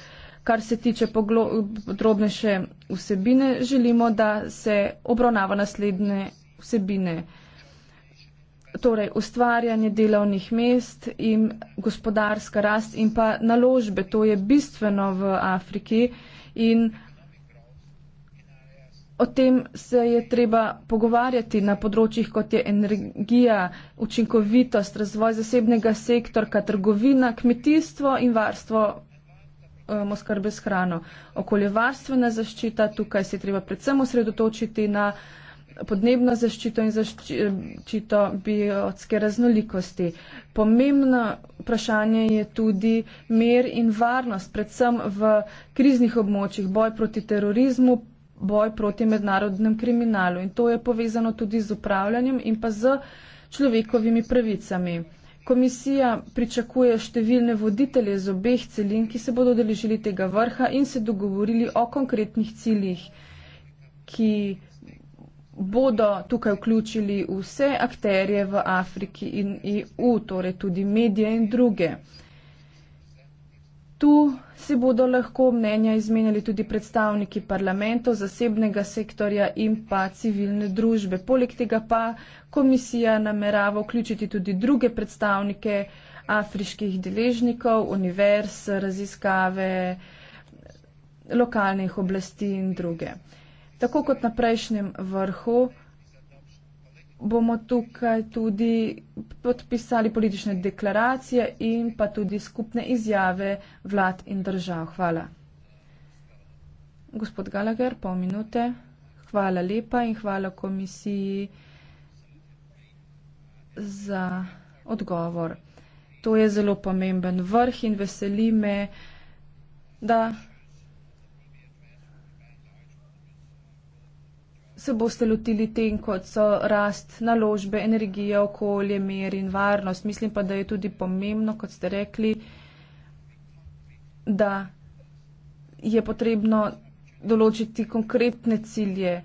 Kar se tiče podrobnejše vsebine, želimo, da se obravnava naslednje vsebine torej ustvarjanje delovnih mest in gospodarska rast in pa naložbe. To je bistveno v Afriki in o tem se je treba pogovarjati na področjih, kot je energija, učinkovitost, razvoj zasebnega sektorka, trgovina, kmetijstvo in varstvo um, oskrbe s hrano. Okoljevarstvena zaščita, tukaj se je treba predvsem osredotočiti na podnebno zaščito in zaščito biotske raznolikosti. Pomembno vprašanje je tudi mer in varnost, predvsem v kriznih območjih, boj proti terorizmu, boj proti mednarodnem kriminalu. In to je povezano tudi z upravljanjem in pa z človekovimi pravicami. Komisija pričakuje številne voditelje z obeh celin, ki se bodo deležili tega vrha in se dogovorili o konkretnih ciljih, ki bodo tukaj vključili vse akterje v Afriki in EU, torej tudi medije in druge. Tu si bodo lahko mnenja izmenjali tudi predstavniki parlamentov, zasebnega sektorja in pa civilne družbe. Poleg tega pa komisija namerava vključiti tudi druge predstavnike afriških deležnikov, univerz, raziskave, lokalnih oblasti in druge. Tako kot na prejšnjem vrhu, bomo tukaj tudi podpisali politične deklaracije in pa tudi skupne izjave vlad in držav. Hvala. Gospod Galager, pol minute. Hvala lepa in hvala komisiji za odgovor. To je zelo pomemben vrh in veseli me, da se boste lotili tem, kot so rast, naložbe, energija, okolje, mir in varnost. Mislim pa, da je tudi pomembno, kot ste rekli, da je potrebno določiti konkretne cilje.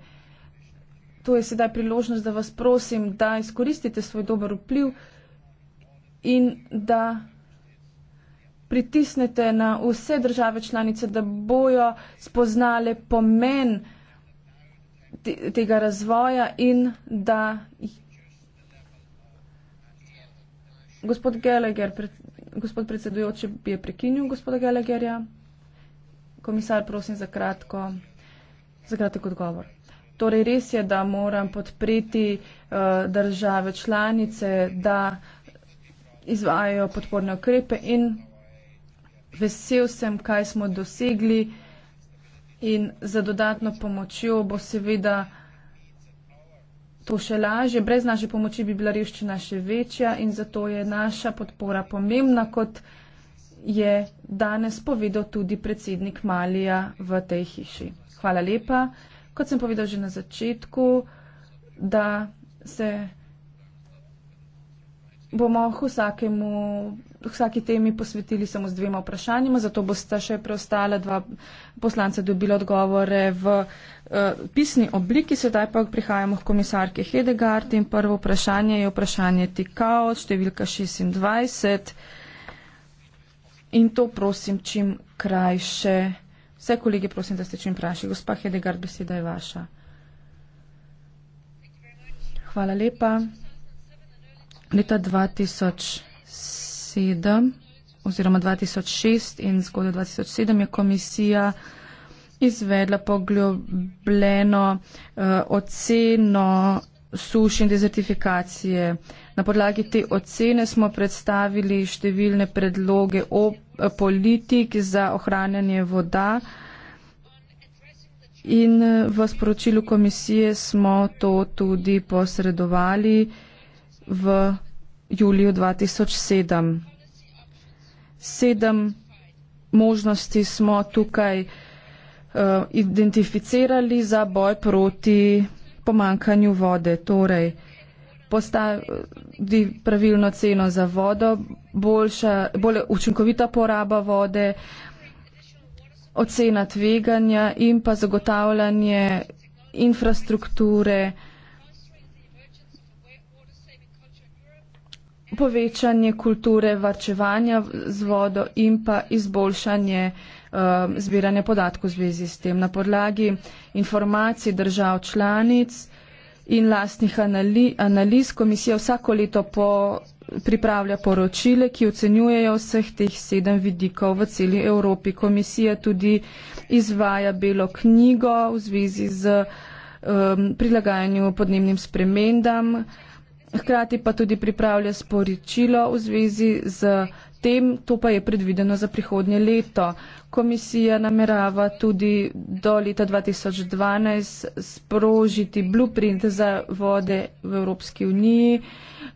To je sedaj priložnost, da vas prosim, da izkoristite svoj dober vpliv in da pritisnete na vse države članice, da bojo spoznale pomen, te, tega razvoja in da. Gospod Geleger, pred, gospod predsedujoči, bi je prekinil gospoda Gelegerja. Komisar, prosim za, kratko, za kratek odgovor. Torej, res je, da moram podpreti uh, države članice, da izvajajo podporne okrepe in vesel sem, kaj smo dosegli. Uh, in za dodatno pomočjo bo seveda to še lažje. Brez naše pomoči bi bila revščina še večja in zato je naša podpora pomembna, kot je danes povedal tudi predsednik Malija v tej hiši. Hvala lepa. Kot sem povedal že na začetku, da se bomo vsakemu vsaki temi posvetili samo z dvema vprašanjima, zato boste še preostale dva poslanca dobili odgovore v uh, pisni obliki. Sedaj pa prihajamo k komisarki Hedegard in prvo vprašanje je vprašanje Tikao, številka 26. In to prosim čim krajše. Vse kolege prosim, da ste čim krajši. Gospa Hedegard, beseda je vaša. Hvala lepa. Leta 2000. 2007 oziroma 2006 in zgodaj 2007 je komisija izvedla poglobljeno uh, oceno suši in dezertifikacije. Na podlagi te ocene smo predstavili številne predloge o eh, politik za ohranjanje voda in eh, v sporočilu komisije smo to tudi posredovali v juliju 2007. Sedem možnosti smo tukaj uh, identificirali za boj proti pomankanju vode. Torej, postavi pravilno ceno za vodo, boljša, bolj učinkovita poraba vode, ocena tveganja in pa zagotavljanje infrastrukture, uh, povečanje kulture varčevanja z vodo in pa izboljšanje um, zbiranja podatkov v zvezi s tem. Na podlagi informacij držav članic in lastnih anali analiz komisija vsako leto po pripravlja poročile, ki ocenjujejo vseh teh sedem vidikov v celi Evropi. Komisija tudi izvaja belo knjigo v zvezi z um, prilagajanjem podnebnim spremendam hkrati pa tudi pripravlja sporočilo v zvezi z tem, to pa je predvideno za prihodnje leto. Komisija namerava tudi do leta 2012 sprožiti blueprint za vode v Evropski uniji,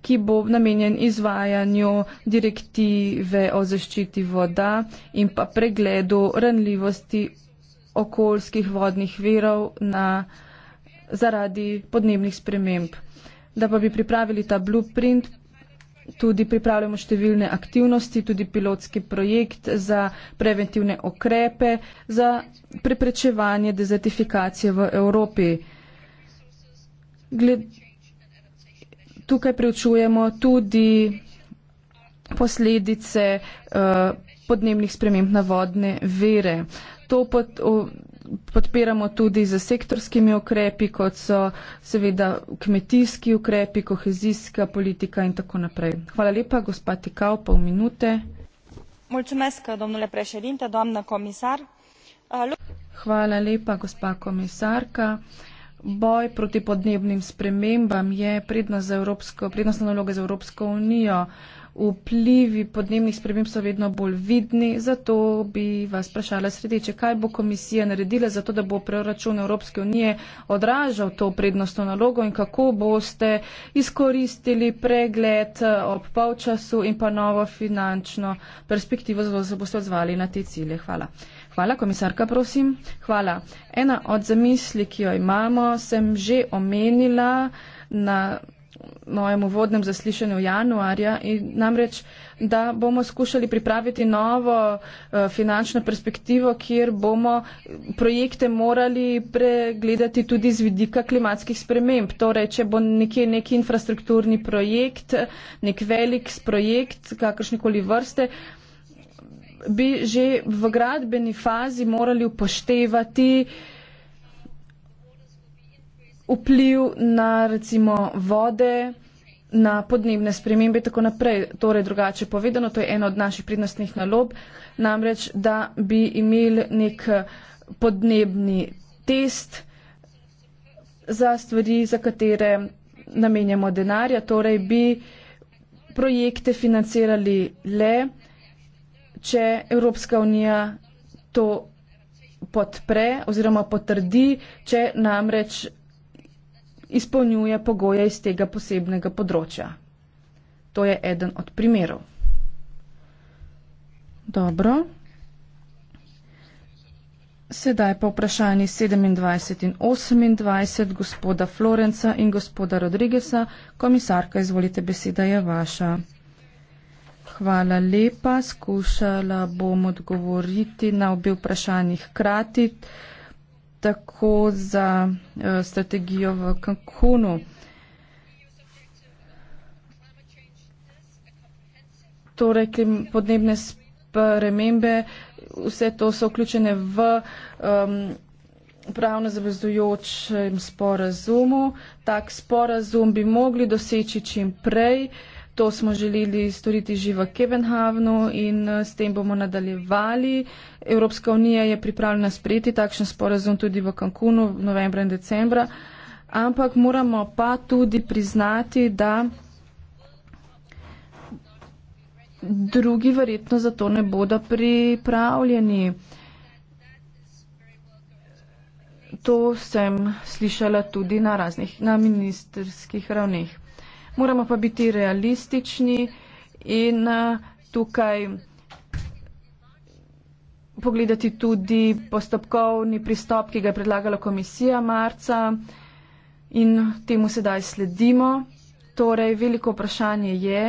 ki bo namenjen izvajanju direktive o zaščiti voda in pa pregledu ranljivosti okoljskih vodnih verov na zaradi podnebnih sprememb da pa bi pripravili ta blueprint, tudi pripravljamo številne aktivnosti, tudi pilotski projekt za preventivne okrepe, za preprečevanje dezertifikacije v Evropi. Gled, tukaj preučujemo tudi posledice uh, podnebnih sprememb na vodne vere. To pot, uh, podpiramo tudi z sektorskimi okrepi, kot so seveda kmetijski ukrepi, kohezijska politika in tako naprej. Hvala lepa, gospa Tikal, pol minute. Mulțumesc, domnule președinte, doamnă comisar. Hvala lepa, gospa komisarka. Boj proti podnebnim spremembam je prednostna naloga za Evropsko unijo. Uh, Vplivi podnebnih sprememb so vedno bolj vidni, zato bi vas vprašala sredeče, kaj bo komisija naredila za to, da bo proračun Evropske unije odražal to prednostno nalogo in kako boste izkoristili pregled ob polčasu in pa novo finančno perspektivo, zato se boste odzvali na te cilje. Hvala. Hvala, komisarka, prosim. Hvala. Ena od zamisli, ki jo imamo, sem že omenila na mojem uvodnem zaslišanju januarja, namreč, da bomo skušali pripraviti novo eh, finančno perspektivo, kjer bomo projekte morali pregledati tudi z vidika klimatskih sprememb. Torej, če bo nekje nek infrastrukturni projekt, nek velik projekt, kakršnekoli vrste, bi že v gradbeni fazi morali upoštevati vpliv na recimo vode, na podnebne spremembe in tako naprej. Torej, drugače povedano, to je ena od naših prednostnih nalob, namreč, da bi imeli nek eh, podnebni test za stvari, za katere namenjamo denarja, torej bi projekte financirali le, če Evropska unija to podpre oziroma potrdi, če namreč izpolnjuje pogoje iz tega posebnega področja. To je eden od primerov. Dobro. Sedaj pa vprašanje 27 in 28 gospoda Florenca in gospoda Rodrigesa. Komisarka, izvolite, beseda je vaša. Hvala lepa. Skušala bom odgovoriti na obe vprašanji hkrati. Uh, tako za uh, strategijo v Cancunu. Torej, podnebne spremembe, vse to so vključene v um, pravno zavezujočem sporazumu. Tak sporazum bi mogli doseči čim prej. Uh, To smo želeli storiti že v Kevenhavnu in eh, s tem bomo nadaljevali. Evropska unija je pripravljena sprejeti takšen sporazum tudi v Cancunu v novembra in decembra, ampak moramo pa tudi priznati, da drugi verjetno za to ne bodo pripravljeni. To sem slišala tudi na raznih, na ministerskih ravneh. Moramo pa biti realistični in eh, tukaj pogledati tudi postopkovni pristop, ki ga je predlagala komisija marca in temu sedaj sledimo. Torej, veliko vprašanje je,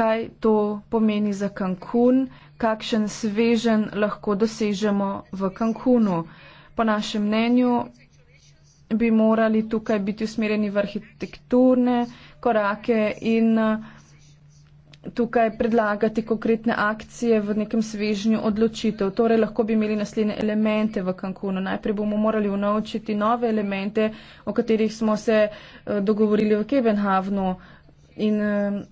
kaj to pomeni za Cancun, kakšen svežen lahko dosežemo v Cancunu. Po našem mnenju bi morali tukaj biti usmerjeni v arhitekturne korake in eh, tukaj predlagati konkretne akcije v nekem svežnju odločitev. Torej lahko bi imeli naslednje elemente v Cancunu. Najprej bomo morali unovčiti nove elemente, o katerih smo se eh, dogovorili v Kebenhavnu in eh,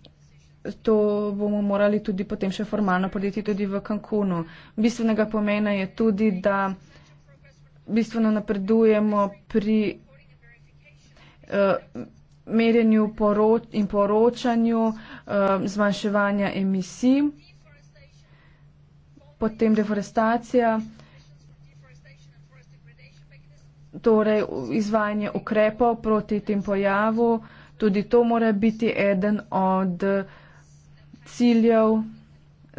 to bomo morali tudi potem še formalno podeti tudi v Cancunu. Bistvenega pomena je tudi, da bistveno napredujemo pri uh, merjenju poroč in poročanju uh, zmanjševanja emisij, potem deforestacija, torej izvajanje ukrepov proti tem pojavu. Tudi to mora biti eden od ciljev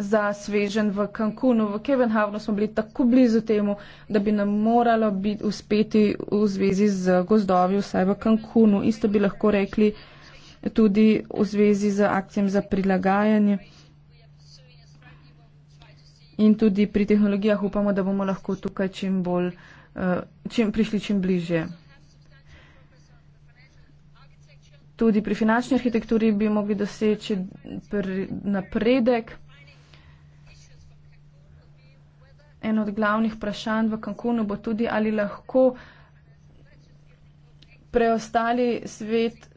za svežen v Cancunu, v Kevenhavnu smo bili tako blizu temu, da bi nam moralo biti uspeti v zvezi z gozdovi, vsaj v Cancunu. Isto bi lahko rekli tudi v zvezi z akcijami za prilagajanje. In tudi pri tehnologijah upamo, da bomo lahko tukaj čim bolj, eh, čim prišli čim bliže. Tudi pri finančni arhitekturi bi mogli doseči napredek. eno od glavnih vprašanj v Cancunu bo tudi, ali lahko preostali svet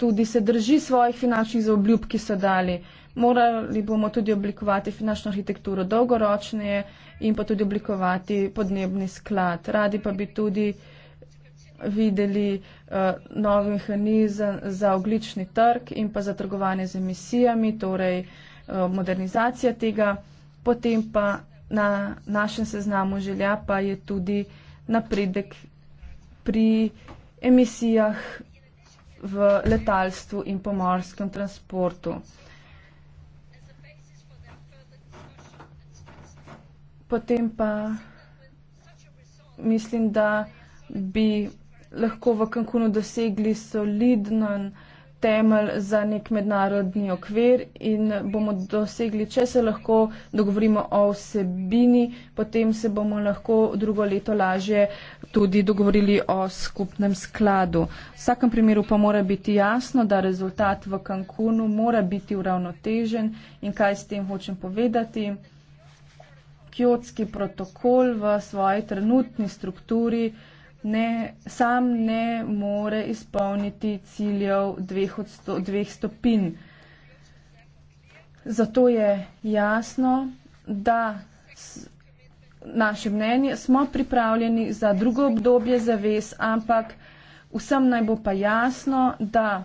tudi se drži svojih finančnih zaobljub, ki so dali. Morali bomo tudi oblikovati finančno arhitekturo dolgoročneje in pa tudi oblikovati podnebni sklad. Radi pa bi tudi videli uh, nov mehanizem za oglični trg in pa za trgovanje z emisijami, torej uh, modernizacija tega potem pa na našem seznamu želja pa je tudi napredek pri emisijah v letalstvu in pomorskem transportu. Potem pa mislim, da bi lahko v Cancunu dosegli soliden temelj za nek mednarodni okvir in bomo dosegli, če se lahko dogovorimo o vsebini, potem se bomo lahko drugo leto lažje tudi dogovorili o skupnem skladu. V vsakem primeru pa mora biti jasno, da rezultat v Cancunu mora biti uravnotežen in kaj s tem hočem povedati. Kjotski protokol v svoji trenutni strukturi ne, sam ne more izpolniti ciljev dveh, odsto, dveh stopin. Zato je jasno, da s, naše mnenje smo pripravljeni za drugo obdobje zavez, ampak vsem naj bo pa jasno, da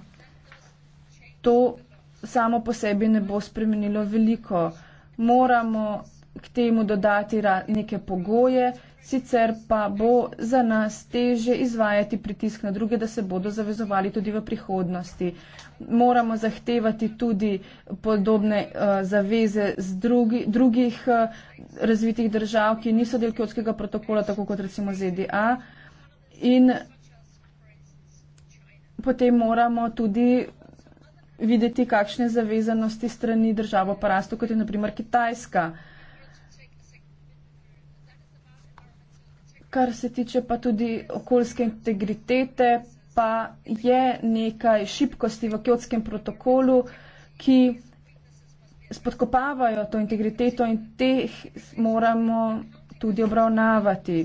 to samo po sebi ne bo spremenilo veliko. Moramo k temu dodati neke pogoje, sicer pa bo za nas teže izvajati pritisk na druge, da se bodo zavezovali tudi v prihodnosti. Moramo zahtevati tudi podobne uh, zaveze z drugi, drugih uh, razvitih držav, ki niso del kjotskega protokola, tako kot recimo ZDA. In potem moramo tudi videti, kakšne zavezanosti strani državo porastu, kot je naprimer Kitajska. Uh, kar se tiče pa tudi okoljske integritete, pa je nekaj šibkosti v kjotskem protokolu, ki spodkopavajo to integriteto in teh moramo tudi obravnavati.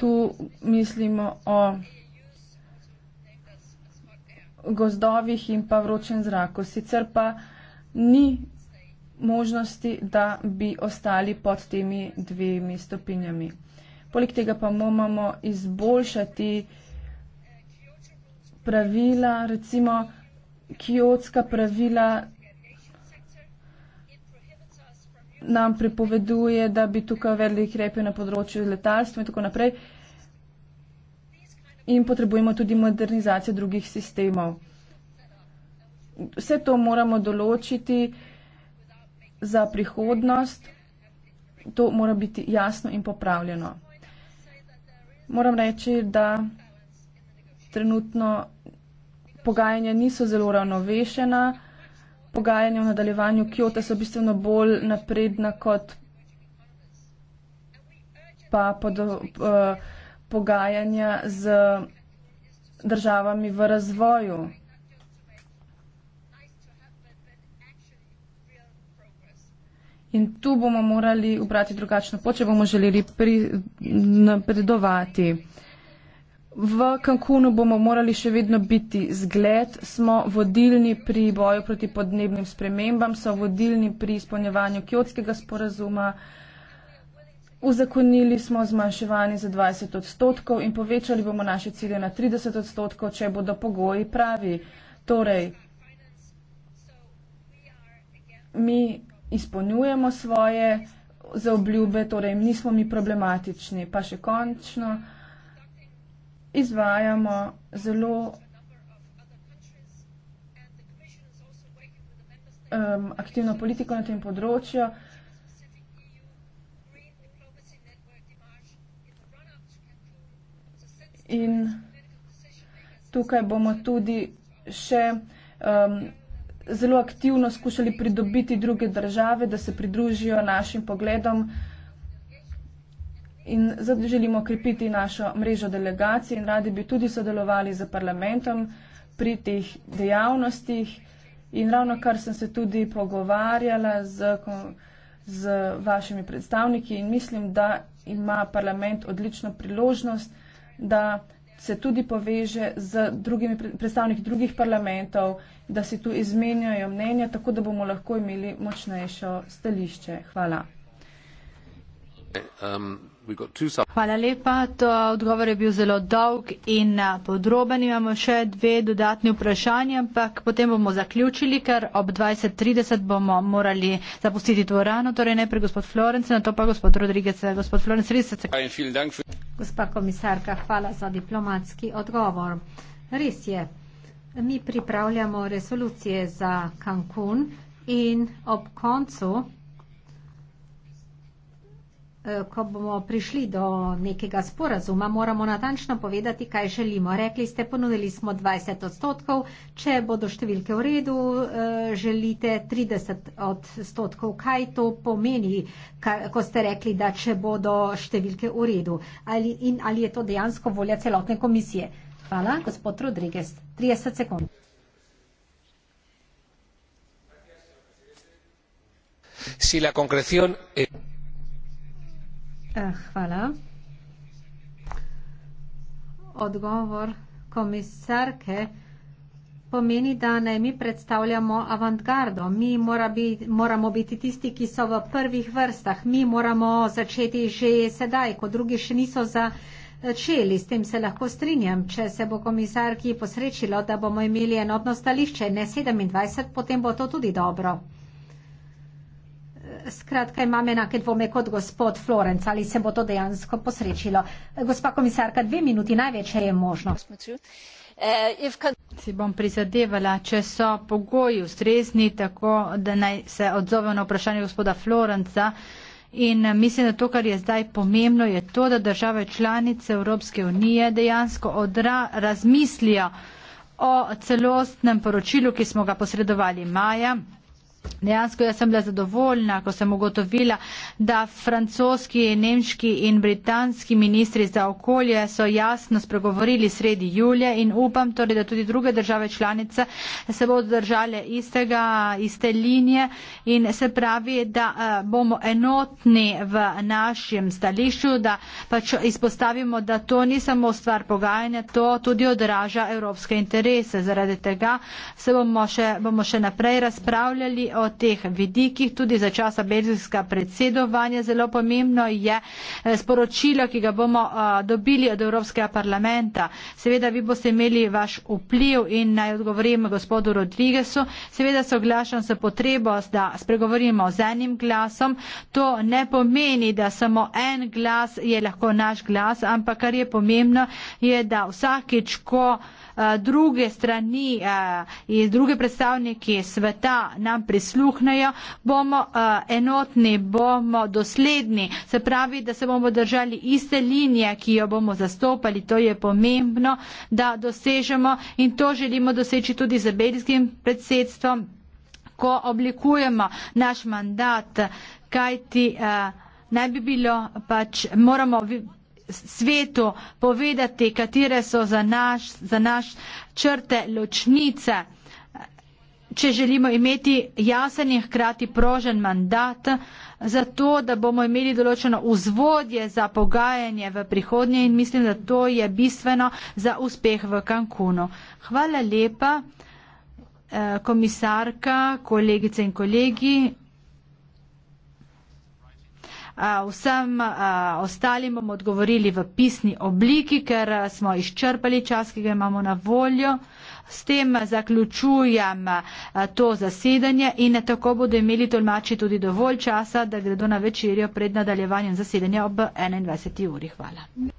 Tu mislimo o gozdovih in pa vročem zraku. Sicer pa ni možnosti, da bi ostali pod temi dvemi stopinjami. Poleg tega pa moramo izboljšati pravila, recimo kiotska pravila nam prepoveduje, da bi tukaj uvedli krepe na področju letalstva in tako naprej. In potrebujemo tudi modernizacijo drugih sistemov. Vse to moramo določiti za prihodnost to mora biti jasno in popravljeno. Moram reči, da trenutno pogajanja niso zelo ravnovešena. Pogajanja v nadaljevanju Kjota so bistveno bolj napredna kot pa pod, uh, pogajanja z državami v razvoju. In tu bomo morali obrati drugačno pot, če bomo želeli pri, napredovati. V Cancunu bomo morali še vedno biti zgled, smo vodilni pri boju proti podnebnim spremembam, so vodilni pri izpolnjevanju kjotskega sporazuma. Uzakonili smo zmanjševanje za 20 odstotkov in povečali bomo naše cilje na 30 odstotkov, če bodo pogoji pravi. Torej, mi izpolnjujemo svoje zaobljube, torej nismo mi problematični. Pa še končno izvajamo zelo um, aktivno politiko na tem področju. In tukaj bomo tudi še um, zelo aktivno skušali pridobiti druge države, da se pridružijo našim pogledom. In zato želimo krepiti našo mrežo delegacij in radi bi tudi sodelovali z parlamentom pri teh dejavnostih. In ravno kar sem se tudi pogovarjala z, z vašimi predstavniki in mislim, da ima parlament odlično priložnost, da se tudi poveže z drugimi predstavniki drugih parlamentov, da si tu izmenjajo mnenja, tako da bomo lahko imeli močnejšo stališče. Hvala. Okay, eh, um Hvala lepa. To odgovor je bil zelo dolg in eh, podroben. Imamo še dve dodatni vprašanje, ampak potem bomo zaključili, ker ob 20.30 bomo morali zapustiti dvorano. Torej najprej gospod Florence, na to pa gospod Rodriguez. Gospod Florence, res se cekajte. Gospa komisarka, hvala za diplomatski odgovor. Res je. Mi pripravljamo resolucije za Cancun in ob koncu Eh, ko bomo prišli do nekega sporazuma, moramo natančno povedati, kaj želimo. Rekli ste, ponudili smo 20 odstotkov, če bodo številke v redu, eh, želite 30 odstotkov. Kaj to pomeni, ko ste rekli, da če bodo številke v redu? Ali, in ali je to dejansko volja celotne komisije? Hvala, gospod Rodriguez. 30 sekund. Si la concreción. Eh... Eh, hvala. Odgovor komisarke pomeni, da naj mi predstavljamo avantgardo. Mi mora biti, moramo biti tisti, ki so v prvih vrstah. Mi moramo začeti že sedaj, ko drugi še niso začeli. S tem se lahko strinjam. Če se bo komisarki posrečilo, da bomo imeli enotno stališče, ne 27, potem bo to tudi dobro skratka, imam enake dvome kot gospod Florenc, ali se bo to dejansko posrečilo. Gospa komisarka, dve minuti največje je možno. Si bom prizadevala, če so pogoji ustrezni, tako da naj se odzovem na vprašanje gospoda Florenca. In mislim, da to, kar je zdaj pomembno, je to, da države članice Evropske unije dejansko odra, razmislijo o celostnem poročilu, ki smo ga posredovali maja. Dejansko jaz sem bila zadovoljna, ko sem ugotovila, da francoski, nemški in britanski ministri za okolje so jasno spregovorili sredi julija in upam torej, da tudi druge države članice se bodo držale istega, iste linije in se pravi, da eh, bomo enotni v našem stališču, da pač izpostavimo, da to ni samo stvar pogajanja, to tudi odraža evropske interese. Zaradi tega se bomo še, bomo še naprej razpravljali o teh vidikih, tudi za časa belgijskega predsedovanja. Zelo pomembno je eh, sporočilo, ki ga bomo eh, dobili od Evropskega parlamenta. Seveda vi boste imeli vaš vpliv in naj odgovorim gospodu Rodrigesu. Seveda se oglašam s potrebo, da spregovorimo z enim glasom. To ne pomeni, da samo en glas je lahko naš glas, ampak kar je pomembno, je da vsakič, ko Eh, druge strani eh, in druge predstavniki sveta nam prisluhnejo, bomo eh, enotni, bomo dosledni, se pravi, da se bomo držali iste linije, ki jo bomo zastopali, to je pomembno, da dosežemo in to želimo doseči tudi z belgijskim predsedstvom, ko oblikujemo naš mandat, kajti. Ne bi bilo pač, moramo svetu povedati, katere so za naš, za naš črte ločnice. Če želimo imeti jasen in hkrati prožen mandat, zato da bomo imeli določeno vzvodje za pogajanje v prihodnje in mislim, da to je bistveno za uspeh v Cancunu. Hvala lepa, eh, komisarka, kolegice in kolegi. Vsem ostalim bomo odgovorili v pisni obliki, ker smo izčrpali čas, ki ga imamo na voljo. S tem zaključujem to zasedanje in tako bodo imeli tolmači tudi dovolj časa, da gredo na večerjo pred nadaljevanjem zasedanja ob 21. uri. Hvala.